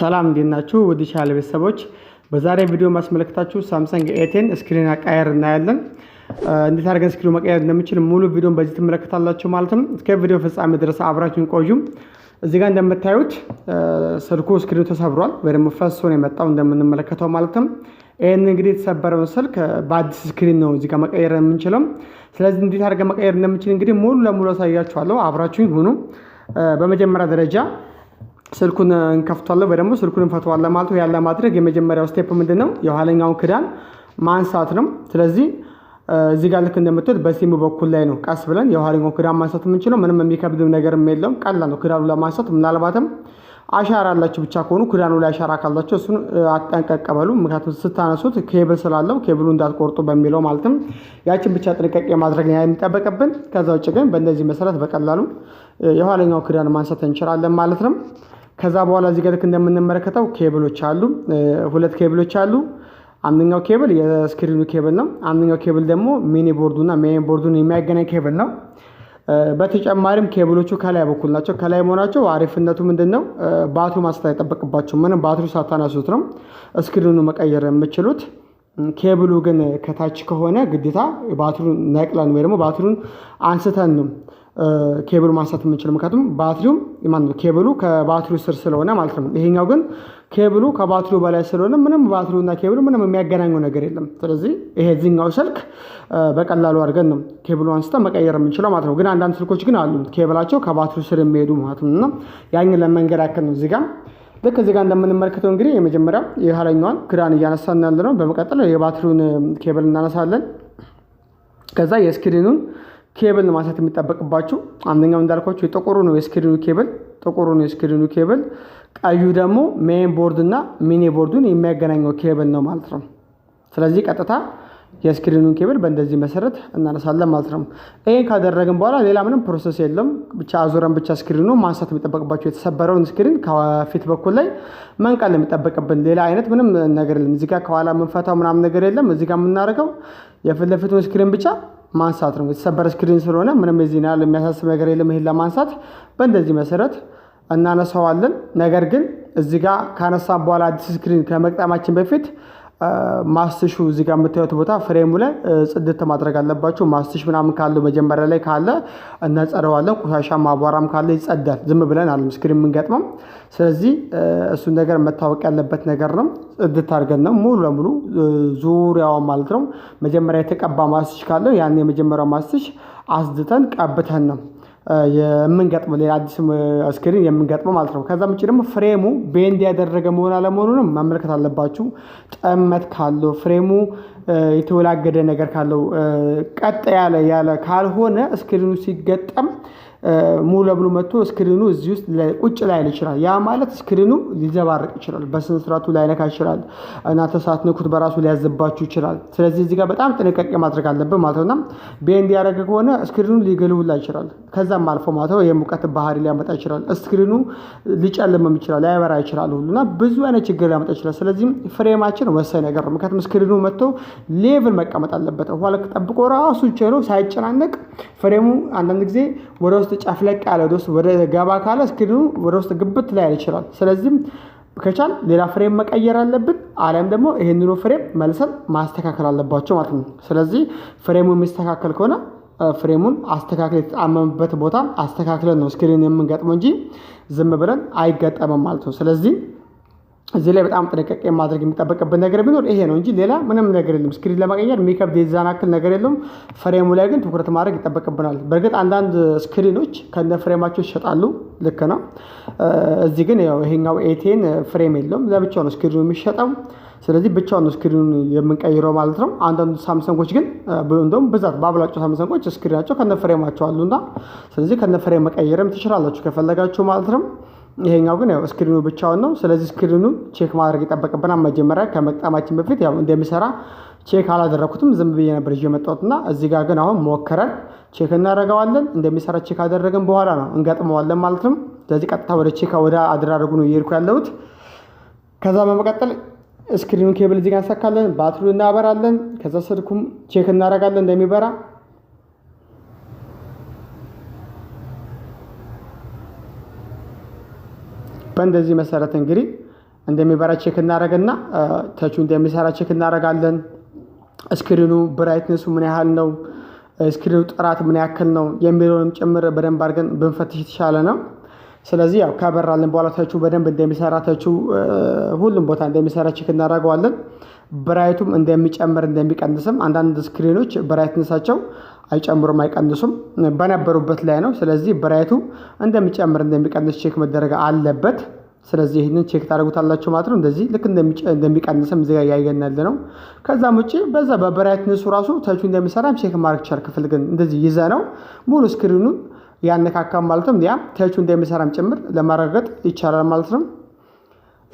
ሰላም እንዴት ናችሁ? ውድ ቻናል ቤተሰቦች በዛሬ ቪዲዮ ማስመለከታችሁ ሳምሰንግ ኤቴን ስክሪን አቃየር እናያለን። እንዴት አድርገን ስክሪን መቀየር እንደምችል ሙሉ ቪዲዮን በዚህ ትመለከታላችሁ ማለት ነው። እስከ ቪዲዮ ፍጻሜ ድረስ አብራችሁን ቆዩ። እዚህ ጋር እንደምታዩት ስልኩ ስክሪኑ ተሰብሯል ወይ ደግሞ የመጣው እንደምንመለከተው ማለት ነው። ይህን እንግዲህ የተሰበረውን ስልክ በአዲስ ስክሪን ነው እዚህ ጋር መቀየር የምንችለው። ስለዚህ እንዴት አድርገን መቀየር እንደምችል እንግዲህ ሙሉ ለሙሉ አሳያችኋለሁ። አብራችሁኝ ሁኑ። በመጀመሪያ ደረጃ ስልኩን እንከፍቷለን ወይ ደግሞ ስልኩን እንፈተዋለን ማለት ነው። ያን ለማድረግ የመጀመሪያው ስቴፕ ምንድን ነው? የኋለኛውን ክዳን ማንሳት ነው። ስለዚህ እዚህ ጋር ልክ እንደምትወድ በሲሙ በኩል ላይ ነው ቀስ ብለን የኋለኛው ክዳን ማንሳት የምንችለው። ምንም የሚከብድም ነገርም የለውም፣ ቀላል ነው ክዳኑ ለማንሳት። ምናልባትም አሻራ አላቸው ብቻ ከሆኑ ክዳኑ ላይ አሻራ ካላቸው እሱን አጠንቀቀበሉ ምክንያቱም ስታነሱት ኬብል ስላለው ኬብሉ እንዳትቆርጡ በሚለው ማለትም ያችን ብቻ ጥንቃቄ ማድረግ የሚጠበቅብን። ከዛ ውጭ ግን በእነዚህ መሰረት በቀላሉ የኋለኛው ክዳን ማንሳት እንችላለን ማለት ነው። ከዛ በኋላ እዚህ ጋር ልክ እንደምንመለከተው ኬብሎች አሉ። ሁለት ኬብሎች አሉ። አንደኛው ኬብል የስክሪኑ ኬብል ነው። አንደኛው ኬብል ደግሞ ሚኒ ቦርዱ እና ሜን ቦርዱን የሚያገናኝ ኬብል ነው። በተጨማሪም ኬብሎቹ ከላይ በኩል ናቸው። ከላይ መሆናቸው አሪፍነቱ ምንድን ነው? ባትሩ ማስታ አይጠበቅባቸውም። ምንም ባትሩ ሳታናሱት ነው እስክሪኑ መቀየር የምችሉት። ኬብሉ ግን ከታች ከሆነ ግዴታ ባትሩን ነቅለን ወይ ደግሞ ባትሩን አንስተን ነው ኬብሉ ማንሳት የምንችለው ምክንያቱም ባትሪውም ኬብሉ ከባትሪው ስር ስለሆነ ማለት ነው። ይሄኛው ግን ኬብሉ ከባትሪው በላይ ስለሆነ ምንም ባትሪና ኬብሉ ምንም የሚያገናኘው ነገር የለም። ስለዚህ ይሄ ዚኛው ስልክ በቀላሉ አድርገን ነው ኬብሉ አንስተ መቀየር የምንችለው ማለት ነው። ግን አንዳንድ ስልኮች ግን አሉ ኬብላቸው ከባትሪው ስር የሚሄዱ ማለት ነው እና ለመንገድ ያክል ነው እዚጋ ልክ እዚጋ እንደምንመለከተው እንግዲህ የመጀመሪያ የኋለኛዋን ክዳን እያነሳን ያለ ነው። በመቀጠል የባትሪውን ኬብል እናነሳለን። ከዛ የስክሪኑን ኬብል ማሳት የሚጠበቅባችሁ አንደኛው እንዳልኳችሁ የጥቁሩ ነው የስክሪኑ ኬብል ጥቁሩ ነው የስክሪኑ ኬብል፣ ቀዩ ደግሞ ሜን ቦርድ እና ሚኒ ቦርዱን የሚያገናኘው ኬብል ነው ማለት ነው። ስለዚህ ቀጥታ የስክሪኑን ኬብል በእንደዚህ መሰረት እናነሳለን ማለት ነው። ይህን ካደረግን በኋላ ሌላ ምንም ፕሮሰስ የለም። ብቻ አዙረን ብቻ ስክሪኑ ማንሳት የሚጠበቅባቸው የተሰበረውን ስክሪን ከፊት በኩል ላይ መንቀል የሚጠበቅብን ሌላ አይነት ምንም ነገር የለም። እዚጋ ከኋላ የምንፈታው ምናምን ነገር የለም። እዚጋ የምናደርገው የፊት ለፊቱን ስክሪን ብቻ ማንሳት ነው። የተሰበረ ስክሪን ስለሆነ ምንም የዚህ ያህል የሚያሳስብ ነገር የለም። ይህን ለማንሳት በእንደዚህ መሰረት እናነሳዋለን። ነገር ግን እዚጋ ካነሳን በኋላ አዲስ ስክሪን ከመቅጠማችን በፊት ማስሹ እዚህ ጋር የምታዩት ቦታ ፍሬሙ ላይ ጽድት ማድረግ አለባቸው። ማስሽ ምናምን ካለው መጀመሪያ ላይ ካለ እናጸረዋለን። ቆሻሻ ማቧራም ካለ ይጸዳል። ዝም ብለን አለም ስክሪን የምንገጥመም። ስለዚህ እሱን ነገር መታወቅ ያለበት ነገር ነው። ጽድት አድርገን ነው ሙሉ ለሙሉ ዙሪያው ማለት ነው። መጀመሪያ የተቀባ ማስሽ ካለው ያን የመጀመሪያው ማስሽ አስድተን ቀብተን ነው የምንገጥመው ሌላ አዲስ ስክሪን የምንገጥመው ማለት ነው። ከዛም ውጭ ደግሞ ፍሬሙ ቤንድ ያደረገ መሆን አለመሆኑንም መመልከት አለባችሁ። ጠመት ካለው ፍሬሙ የተወላገደ ነገር ካለው ቀጥ ያለ ያለ ካልሆነ ስክሪኑ ሲገጠም ሙሉ ለሙሉ መጥቶ ስክሪኑ እዚህ ውስጥ ቁጭ ላይል ይችላል። ያ ማለት ስክሪኑ ሊዘባርቅ ይችላል፣ በስነ ስርዓቱ ላይነካ ይችላል እና ተሳት ተሳትነኩት በራሱ ሊያዘባችሁ ይችላል። ስለዚህ እዚህ ጋር በጣም ጥንቃቄ ማድረግ አለብን ማለት ነውና ቤንድ ያደረገ ከሆነ ስክሪኑ ሊገልውላ ይችላል። ከዛም አልፎ ማለት ነው የሙቀት ባህሪ ሊያመጣ ይችላል። ስክሪኑ ሊጨልምም ይችላል፣ ላይበራ ይችላል ሁሉና ብዙ አይነት ችግር ሊያመጣ ይችላል። ስለዚህም ፍሬማችን ወሳኝ ነገር ነው። ምክንያቱም ስክሪኑ መጥቶ ሌቭል መቀመጥ አለበት። ኋላ ጠብቆ ራሱ ችሎ ሳይጨናነቅ ፍሬሙ አንዳንድ ጊዜ ወደ ውስጥ ጨፍለቅ ያለ ውስጥ ወደ ገባ ካለ እስክሪኑ ወደ ውስጥ ግብት ላይ ይችላል። ስለዚህም ከቻል ሌላ ፍሬም መቀየር አለብን። አሊያም ደግሞ ይህንኑ ፍሬም መልሰን ማስተካከል አለባቸው ማለት ነው። ስለዚህ ፍሬሙ የሚስተካከል ከሆነ ፍሬሙን አስተካክል የተጣመምበት ቦታ አስተካክለን ነው እስክሪን የምንገጥመው እንጂ ዝም ብለን አይገጠምም ማለት ነው። ስለዚህ እዚህ ላይ በጣም ጥንቃቄ ማድረግ የሚጠበቅብን ነገር ቢኖር ይሄ ነው እንጂ ሌላ ምንም ነገር የለም። ስክሪን ለመቀየር የሚከብድ የዛን አክል ነገር የለም። ፍሬሙ ላይ ግን ትኩረት ማድረግ ይጠበቅብናል። በእርግጥ አንዳንድ ስክሪኖች ከነ ፍሬማቸው ይሸጣሉ፣ ልክ ነው። እዚህ ግን ያው ይሄኛው ኤቴን ፍሬም የለውም፣ ለብቻው ነው ስክሪኑ የሚሸጠው። ስለዚህ ብቻውን ነው ስክሪኑን የምንቀይረው ማለት ነው። አንዳንዱ ሳምሰንጎች ግን እንደውም ብዛት በአብላጫው ሳምሰንጎች ስክሪናቸው ከነ ፍሬማቸው አሉና ስለዚህ ከነ ፍሬም መቀየርም ትችላላችሁ ከፈለጋችሁ ማለት ነው። ይሄኛው ግን ያው ስክሪኑ ብቻውን ነው። ስለዚህ ስክሪኑ ቼክ ማድረግ ይጠበቅብናል። መጀመሪያ ከመቅጠማችን በፊት ያው እንደሚሰራ ቼክ አላደረኩትም፣ ዝም ብዬ ነበር ይዤ መጣሁትና እዚህ ጋር ግን አሁን ሞክረን ቼክ እናደርገዋለን። እንደሚሰራ ቼክ አደረግን በኋላ ነው እንገጥመዋለን ማለት ነው። ስለዚህ ቀጥታ ወደ ቼክ ወደ አደራረጉ ነው እየሄድኩ ያለሁት። ከዛ በመቀጠል ስክሪኑ ኬብል እዚህ ጋር እንሰካለን፣ ባትሪውን እናበራለን። ከዛ ስልኩም ቼክ እናደርጋለን እንደሚበራ በእንደዚህ መሰረት እንግዲህ እንደሚበራ ቼክ እናደረግና ተቹ እንደሚሰራ ቼክ እናደረጋለን። እስክሪኑ ብራይትነሱ ምን ያህል ነው፣ እስክሪኑ ጥራት ምን ያክል ነው የሚለውንም ጭምር በደንብ አድርገን ብንፈትሽ የተሻለ ነው። ስለዚህ ያው ካበራልን በኋላ ተቹ በደንብ እንደሚሰራ ተቹ ሁሉም ቦታ እንደሚሰራ ቼክ እናደረገዋለን። ብራይቱም እንደሚጨምር እንደሚቀንስም አንዳንድ ስክሪኖች ብራይትነሳቸው አይጨምሩም አይቀንሱም በነበሩበት ላይ ነው። ስለዚህ ብራይቱ እንደሚጨምር እንደሚቀንስ ቼክ መደረግ አለበት። ስለዚህ ይህንን ቼክ ታደርጉታላችሁ ማለት ነው። እንደዚህ ልክ እንደሚቀንስም እዚጋ እያየናል ነው። ከዛም ውጭ በዛ በብራይትነሱ ራሱ ተቹ እንደሚሰራም ቼክ ማድረግ ቻል ክፍል ግን እንደዚህ ይዘ ነው ሙሉ ስክሪኑን ያነካካም ማለትም ያ ተቹ እንደሚሰራም ጭምር ለማረጋገጥ ይቻላል ማለት ነው።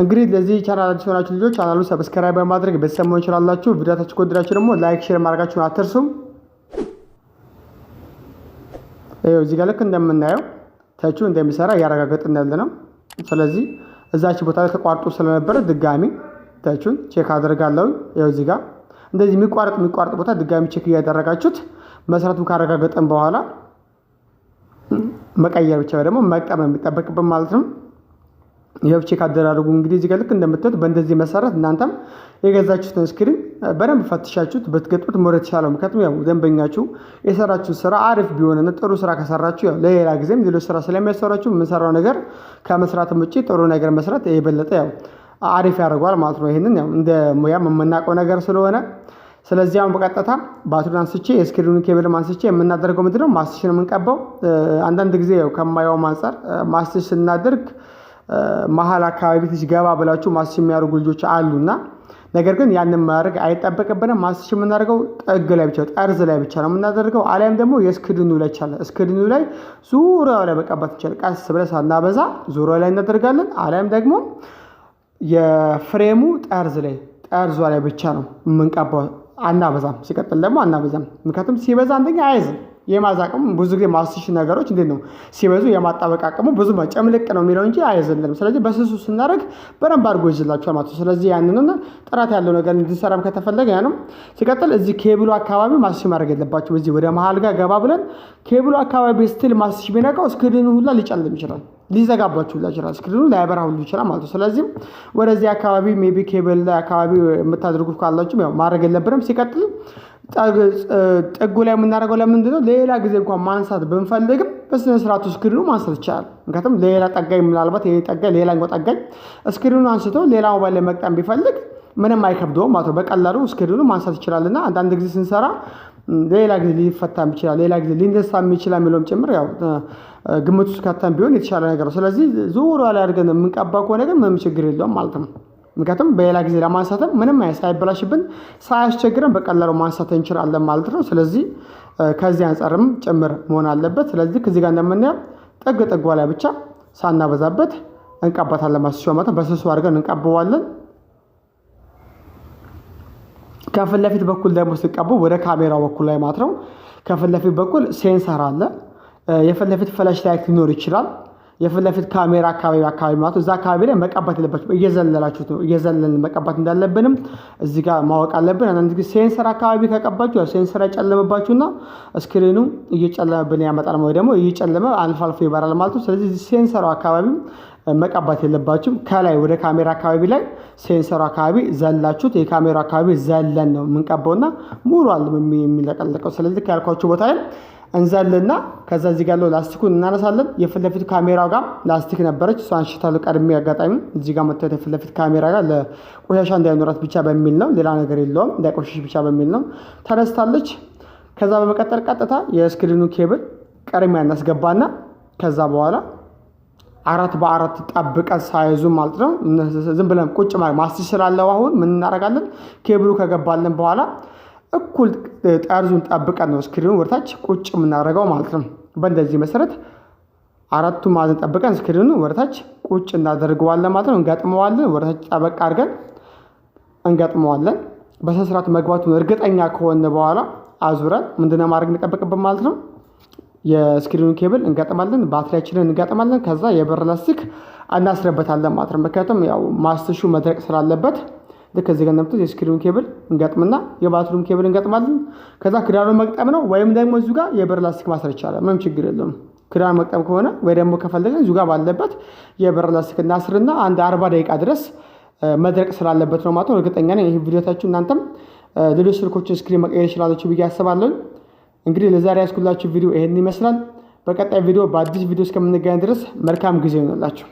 እንግዲህ ለዚህ ቻናል አዲስ የሆናችሁ ልጆች ቻናሉን ሰብስክራይብ በማድረግ ቤተሰብ መሆን ይችላላችሁ። ቪዲዮታችሁ ከወደዳችሁ ደግሞ ላይክ፣ ሼር ማድረጋችሁን አትርሱም። ይኸው እዚህ ጋር ልክ እንደምናየው ተቹ እንደሚሰራ እያረጋገጥን ያለ ነው። ስለዚህ እዛች ቦታ ላይ ተቋርጦ ስለነበረ ድጋሚ ተቹን ቼክ አደርጋለሁ። ይኸው እዚህ ጋር እንደዚህ የሚቋረጥ የሚቋረጥ ቦታ ድጋሚ ቼክ እያደረጋችሁት መስራቱን ካረጋገጠን በኋላ መቀየር ብቻ ደግሞ መቅጠም ነው የሚጠበቅብን ማለት ነው። ይኸው ቼክ አደራረጉ እንግዲህ እዚህ ጋር ልክ እንደምታዩት በእንደዚህ መሰረት እናንተም የገዛችሁትን ስክሪን በደንብ ፈትሻችሁት ብትገጡት ሞር የተሻለው። ምክንያቱም ያው ደንበኛችሁ የሰራችሁት ስራ አሪፍ ቢሆንና ጥሩ ስራ ከሰራችሁ ያው ለሌላ ጊዜም ሌሎች ስራ ስለሚያሰራችሁ የምንሰራው ነገር ከመስራትም ውጭ ጥሩ ነገር መስራት የበለጠ ያው አሪፍ ያደርገዋል ማለት ነው። ይህንን ያው እንደ ሙያ የምናውቀው ነገር ስለሆነ ስለዚህ አሁን በቀጥታ ባትሪን አንስቼ የስክሪኑን ኬብል አንስቼ የምናደርገው ምንድነው ማስሽ ነው የምንቀባው። አንዳንድ ጊዜ ያው ከማየውም አንጻር ማስሽ ስናደርግ መሀል አካባቢ ትንሽ ገባ ብላችሁ ማስሽ የሚያደርጉ ልጆች አሉና ነገር ግን ያንን ማድረግ አይጠበቅብንም። ማስሽ የምናደርገው ጥግ ላይ ብቻ ጠርዝ ላይ ብቻ ነው የምናደርገው። አሊያም ደግሞ የእስክድኑ ላይ ይቻላል። እስክድኑ ላይ ዙሪያው ላይ መቀባት ይቻል። ቀስ ብለን ሳናበዛ ዙሪያው ላይ እናደርጋለን። አሊያም ደግሞ የፍሬሙ ጠርዝ ላይ ጠርዟ ላይ ብቻ ነው የምንቀባው። አናበዛም። ሲቀጥል ደግሞ አናበዛም። ምክንያቱም ሲበዛ አንደኛ አይዝም የማዝ አቅሙ ብዙ ጊዜ ማስሽ ነገሮች እንዴት ነው ሲበዙ የማጣበቅ አቅሙ ብዙ ጨምልቅ ነው የሚለው እንጂ አይዘለም። ስለዚህ በስሱ ስናደርግ በደንብ አድርጎ ይዝላቸዋል ማለት ነው። ስለዚህ ያንንም ጥራት ያለው ነገር እንዲሰራም ከተፈለገ ያንም ሲቀጥል እዚህ ኬብሉ አካባቢ ማስሽ ማድረግ የለባቸው። በዚህ ወደ መሀል ጋር ገባ ብለን ኬብሉ አካባቢ ስትል ማስሽ ቢነቃው እስክሪኑ ሁላ ሊጨልም ይችላል። ሊዘጋባችሁ ሁላ ይችላል። ስክሪኑ ሁሉ ይችላል ማለት ነው። ስለዚህም ወደዚህ አካባቢ ቢ ኬብል ላይ አካባቢ የምታደርጉት ካላችሁ ማድረግ የለብንም። ሲቀጥል ጥጉ ላይ የምናደርገው ለምንድነው ሌላ ጊዜ እንኳን ማንሳት ብንፈልግም በስነ ስርዓቱ ስክሪኑ ማንሳት ይቻላል። ምክንያቱም ሌላ ጠጋኝ ምናልባት ይሄ ጠጋኝ እንኳ ጠጋኝ ስክሪኑ አንስቶ ሌላ ሞባይል ላይ መቅጠም ቢፈልግ ምንም አይከብደውም ማለት ነው። በቀላሉ ስክሪኑ ማንሳት ይችላልና አንዳንድ ጊዜ ስንሰራ ሌላ ጊዜ ሊፈታም ይችላል፣ ሌላ ጊዜ ሊነሳም ይችላል የሚለውም ጭምር ያው ግምት ውስጥ ከተን ቢሆን የተሻለ ነገር ነው። ስለዚህ ዙሩ ላይ አድርገን የምንቀባ ከሆነ ግን ምንም ችግር የለውም ማለት ነው። ምክንያቱም በሌላ ጊዜ ለማንሳትም ምንም ሳይበላሽብን ሳያስቸግረን በቀላሉ ማንሳት እንችላለን ማለት ነው። ስለዚህ ከዚህ አንጻርም ጭምር መሆን አለበት። ስለዚህ ከዚህ ጋር እንደምናየው ጥግ ጥጓ ላይ ብቻ ሳናበዛበት እንቀባታለን። ማስሻ በስሱ አድርገን እንቀበዋለን። ከፊት ለፊት በኩል ደግሞ ስቀቡ ወደ ካሜራው በኩል ላይ ማለት ነው። ከፊት ለፊት በኩል ሴንሰር አለ። የፊት ለፊት ፍለሽ ላይት ሊኖር ይችላል። የፊት ለፊት ካሜራ አካባቢ አካባቢ ማለት እዛ አካባቢ ላይ መቀባት የለባችሁ። እየዘለላችሁት ነው። እየዘለልን መቀባት እንዳለብንም እዚ ጋር ማወቅ አለብን። አንዳንድ ጊዜ ሴንሰር አካባቢ ከቀባችሁ ሴንሰር ያጨለመባችሁና ስክሪኑ እየጨለመብን ያመጣል፣ ወይ ደግሞ እየጨለመ አልፎ አልፎ ይበራል ማለት ነው። ስለዚህ ሴንሰሩ አካባቢም መቀባት የለባችሁም። ከላይ ወደ ካሜራ አካባቢ ላይ ሴንሰሩ አካባቢ ዘላችሁት የካሜራ አካባቢ ዘለን ነው የምንቀባውና ሙሉ አለ የሚለቀለቀው። ስለዚህ ያልኳችሁ ቦታ ላይ እንዘልና ከዛ እዚህ ጋር ላስቲኩን እናነሳለን። የፊት ለፊት ካሜራው ጋር ላስቲክ ነበረች፣ እሷ አንሽታሉ ቀድሜ አጋጣሚ እዚህ ጋር መጥተው የፊት ለፊት ካሜራ ጋር ለቆሻሻ እንዳይኖራት ብቻ በሚል ነው፣ ሌላ ነገር የለውም እንዳይቆሸሽ ብቻ በሚል ነው ተነስታለች። ከዛ በመቀጠል ቀጥታ የስክሪኑ ኬብል ቀድሚያ እናስገባና ከዛ በኋላ አራት በአራት ጠብቀን ሳይዙ ማለት ነው። ዝም ብለን ቁጭ ማለት ማስቲሽ ስላለው አሁን ምን እናደርጋለን? ኬብሉ ከገባለን በኋላ እኩል ጠርዙን ጠብቀን ነው ስክሪኑን ወርታች ቁጭ የምናደርገው ማለት ነው። በእንደዚህ መሰረት አራቱ ማዕዘን ጠብቀን ስክሪኑን ወርታች ቁጭ እናደርገዋለን ማለት ነው። እንገጥመዋለን፣ ወርታች ጠበቅ አድርገን እንገጥመዋለን። በስነ መግባቱን እርግጠኛ ከሆነ በኋላ አዙረን ምንድነው ማድረግ እንጠብቅብን ማለት ነው የስክሪኑ ኬብል እንገጥማለን፣ ባትሪያችንን እንገጥማለን። ከዛ የብር ላስቲክ እናስርበታለን ማለት ነው። ምክንያቱም ያው ማስትሹ መድረቅ ስላለበት ልክ እዚህ ጋር የስክሪኑ ኬብል እንገጥምና የባትሪውን ኬብል እንገጥማለን። ከዛ ክዳኑ መግጠም ነው፣ ወይም ደግሞ እዚሁ ጋር የብር ላስቲክ ማሰር ይቻላል። ምንም ችግር የለም። ክዳን መቅጠም ከሆነ ወይ ደግሞ ከፈለገ እዚሁ ጋር ባለበት የብር ላስቲክ እናስርና አንድ አርባ ደቂቃ ድረስ መድረቅ ስላለበት ነው ማለት ነው። እርግጠኛ ነኝ ይህ ቪዲዮታችሁ እናንተም ሌሎች ስልኮችን ስክሪን መቀየር ይችላላችሁ ብዬ አስባለሁ። እንግዲህ ለዛሬ ያስኩላችሁ ቪዲዮ ይሄን ይመስላል። በቀጣይ ቪዲዮ በአዲስ ቪዲዮ እስከምንገናኝ ድረስ መልካም ጊዜ ይሆንላችሁ።